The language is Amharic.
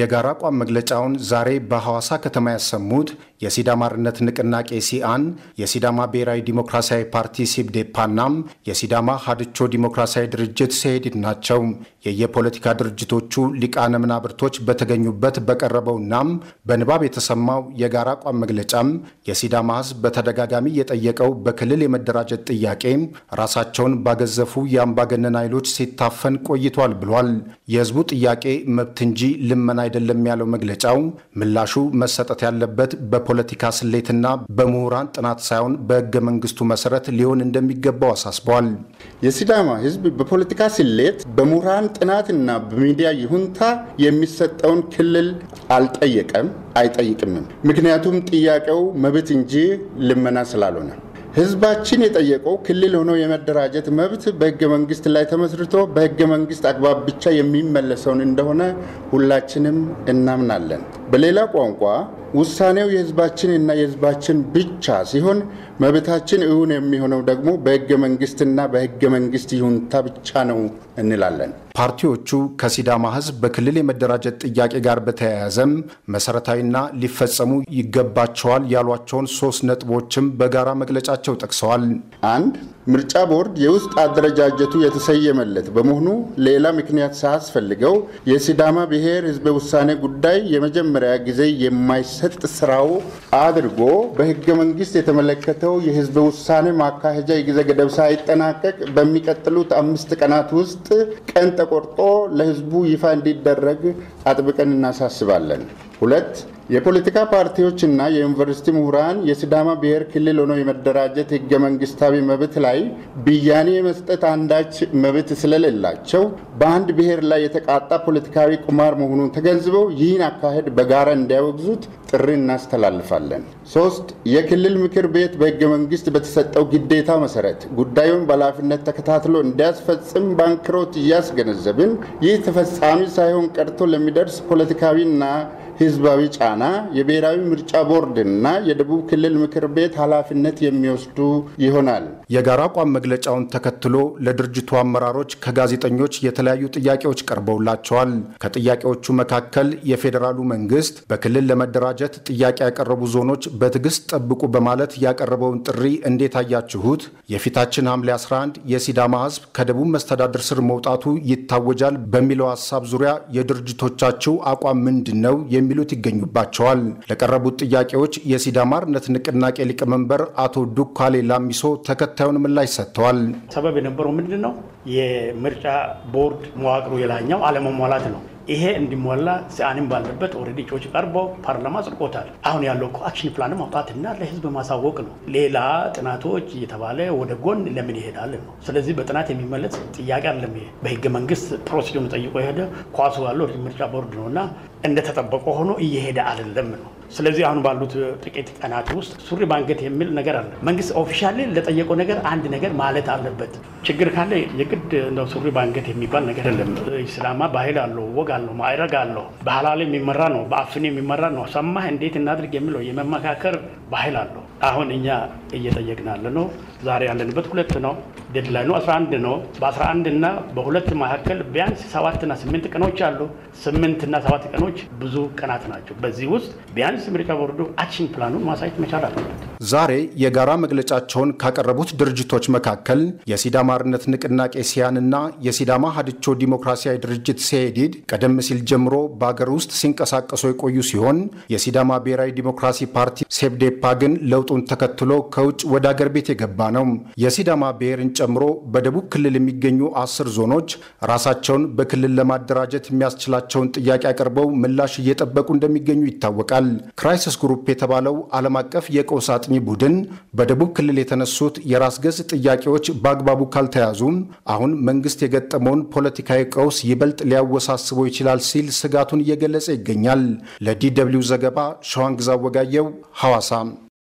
የጋራ አቋም መግለጫውን ዛሬ በሐዋሳ ከተማ ያሰሙት የሲዳማ አርነት ንቅናቄ ሲአን፣ የሲዳማ ብሔራዊ ዲሞክራሲያዊ ፓርቲ ሲብዴፓናም የሲዳማ ሀድቾ ዲሞክራሲያዊ ድርጅት ሲሄድድ ናቸው። የየፖለቲካ ድርጅቶቹ ሊቃነ መናብርቶች በተገኙበት በቀረበውናም በንባብ የተሰማው የጋራ አቋም መግለጫም የሲዳማ ሕዝብ በተደጋጋሚ የጠየቀው በክልል የመደራጀት ጥያቄ ራሳቸውን ባገዘፉ የአምባገነን ኃይሎች ሲታፈን ቆይቷል ብሏል። የህዝቡ ጥያቄ መብት እንጂ ልመና አይደለም ያለው መግለጫው ምላሹ መሰጠት ያለበት በፖ በፖለቲካ ስሌትና በምሁራን ጥናት ሳይሆን በህገ መንግስቱ መሰረት ሊሆን እንደሚገባው አሳስበዋል። የሲዳማ ህዝብ በፖለቲካ ስሌት በምሁራን ጥናትና በሚዲያ ይሁንታ የሚሰጠውን ክልል አልጠየቀም፣ አይጠይቅምም። ምክንያቱም ጥያቄው መብት እንጂ ልመና ስላልሆነ ህዝባችን የጠየቀው ክልል ሆኖ የመደራጀት መብት በህገ መንግስት ላይ ተመስርቶ በህገ መንግስት አግባብ ብቻ የሚመለሰውን እንደሆነ ሁላችንም እናምናለን። በሌላ ቋንቋ ውሳኔው የህዝባችን እና የህዝባችን ብቻ ሲሆን መብታችን እውን የሚሆነው ደግሞ በህገ መንግስትና በህገ መንግስት ይሁንታ ብቻ ነው እንላለን። ፓርቲዎቹ ከሲዳማ ህዝብ በክልል የመደራጀት ጥያቄ ጋር በተያያዘም መሰረታዊና ሊፈጸሙ ይገባቸዋል ያሏቸውን ሶስት ነጥቦችም በጋራ መግለጫቸው ጠቅሰዋል። አንድ ምርጫ ቦርድ የውስጥ አደረጃጀቱ የተሰየመለት በመሆኑ ሌላ ምክንያት ሳያስፈልገው የሲዳማ ብሔር ህዝበ ውሳኔ ጉዳይ የመጀመሪያ ጊዜ የማይሰጥ ስራው አድርጎ በህገ መንግስት የተመለከተው የህዝበ ውሳኔ ማካሄጃ የጊዜ ገደብ ሳይጠናቀቅ በሚቀጥሉት አምስት ቀናት ውስጥ ቀን ተቆርጦ ለህዝቡ ይፋ እንዲደረግ አጥብቀን እናሳስባለን። ሁለት የፖለቲካ ፓርቲዎችና የዩኒቨርሲቲ ምሁራን የሲዳማ ብሔር ክልል ሆኖ የመደራጀት ህገ መንግስታዊ መብት ላይ ብያኔ የመስጠት አንዳች መብት ስለሌላቸው በአንድ ብሔር ላይ የተቃጣ ፖለቲካዊ ቁማር መሆኑን ተገንዝበው ይህን አካሄድ በጋራ እንዲያወግዙት ጥሪ እናስተላልፋለን። ሶስት የክልል ምክር ቤት በህገ መንግስት በተሰጠው ግዴታ መሰረት ጉዳዩን በኃላፊነት ተከታትሎ እንዲያስፈጽም ባንክሮት እያስገነዘብን ይህ ተፈጻሚ ሳይሆን ቀርቶ ለሚደርስ ፖለቲካዊና ህዝባዊ ጫና የብሔራዊ ምርጫ ቦርድና የደቡብ ክልል ምክር ቤት ኃላፊነት የሚወስዱ ይሆናል። የጋራ አቋም መግለጫውን ተከትሎ ለድርጅቱ አመራሮች ከጋዜጠኞች የተለያዩ ጥያቄዎች ቀርበውላቸዋል። ከጥያቄዎቹ መካከል የፌዴራሉ መንግስት በክልል ለመደራጀት ጥያቄ ያቀረቡ ዞኖች በትዕግስት ጠብቁ በማለት ያቀረበውን ጥሪ እንዴት አያችሁት? የፊታችን ሐምሌ 11 የሲዳማ ህዝብ ከደቡብ መስተዳድር ስር መውጣቱ ይታወጃል በሚለው ሀሳብ ዙሪያ የድርጅቶቻችሁ አቋም ምንድን ነው? የሚሉት ይገኙባቸዋል። ለቀረቡት ጥያቄዎች የሲዳማ አርነት ንቅናቄ ሊቀመንበር አቶ ዱካሌ ላሚሶ ተከታዩን ምላሽ ሰጥተዋል። ሰበብ የነበረው ምንድን ነው? የምርጫ ቦርድ መዋቅሩ የላኛው አለመሟላት ነው። ይሄ እንዲሟላ ሲአንም ባለበት ኦልሬዲ ጮች ቀርቦ ፓርላማ ጽድቆታል። አሁን ያለው እኮ አክሽን ፕላን ማውጣትና ለህዝብ ማሳወቅ ነው። ሌላ ጥናቶች እየተባለ ወደ ጎን ለምን ይሄዳል ነው። ስለዚህ በጥናት የሚመለስ ጥያቄ አለም። ይሄ በህገ መንግስት ፕሮሲጀሩን ጠይቆ የሄደ ኳሱ ያለው ምርጫ ቦርድ ነው እና እንደተጠበቀ ሆኖ እየሄደ አይደለም ነው። ስለዚህ አሁን ባሉት ጥቂት ቀናት ውስጥ ሱሪ ባንገት የሚል ነገር አለ። መንግስት ኦፊሻሊ ለጠየቀው ነገር አንድ ነገር ማለት አለበት። ችግር ካለ የግድ እንደው ሱሪ ባንገት የሚባል ነገር የለም። ኢስላማ ባህል አለው፣ ወግ አለው፣ ማዕረግ አለው። በሐላል የሚመራ ነው፣ በአፍኒ የሚመራ ነው። ሰማህ እንዴት እናድርግ የሚለው የመመካከር ባህል አለው። አሁን እኛ እየጠየቅን ያለ ነው። ዛሬ ያለንበት ሁለት ነው። ዴድላይኑ 11 ነው። በ11 እና በሁለት መካከል ቢያንስ ሰባትና ስምንት ቀኖች አሉ። ስምንትና ሰባት ቀኖች ብዙ ቀናት ናቸው። በዚህ ውስጥ ቢያንስ ምርጫ ቦርዱ አክሽን ፕላኑን ማሳየት መቻል አለበት። ዛሬ የጋራ መግለጫቸውን ካቀረቡት ድርጅቶች መካከል የሲዳማ አርነት ንቅናቄ ሲያን እና የሲዳማ ሀድቾ ዲሞክራሲያዊ ድርጅት ሲሄዲድ ቀደም ሲል ጀምሮ በሀገር ውስጥ ሲንቀሳቀሱ የቆዩ ሲሆን የሲዳማ ብሔራዊ ዲሞክራሲ ፓርቲ ሴብዴፓ ግን ለውጡን ተከትሎ ከውጭ ወደ አገር ቤት የገባ ነው። የሲዳማ ብሔርን ጨምሮ በደቡብ ክልል የሚገኙ አስር ዞኖች ራሳቸውን በክልል ለማደራጀት የሚያስችላቸውን ጥያቄ አቅርበው ምላሽ እየጠበቁ እንደሚገኙ ይታወቃል። ክራይሲስ ግሩፕ የተባለው ዓለም አቀፍ የቀውስ አጥኚ ቡድን በደቡብ ክልል የተነሱት የራስ ገዝ ጥያቄዎች በአግባቡ ካልተያዙም አሁን መንግስት የገጠመውን ፖለቲካዊ ቀውስ ይበልጥ ሊያወሳስበው ይችላል ሲል ስጋቱን እየገለጸ ይገኛል። ለዲ ደብልዩ ዘገባ ሸዋንግዛ ወጋየው ሐዋሳ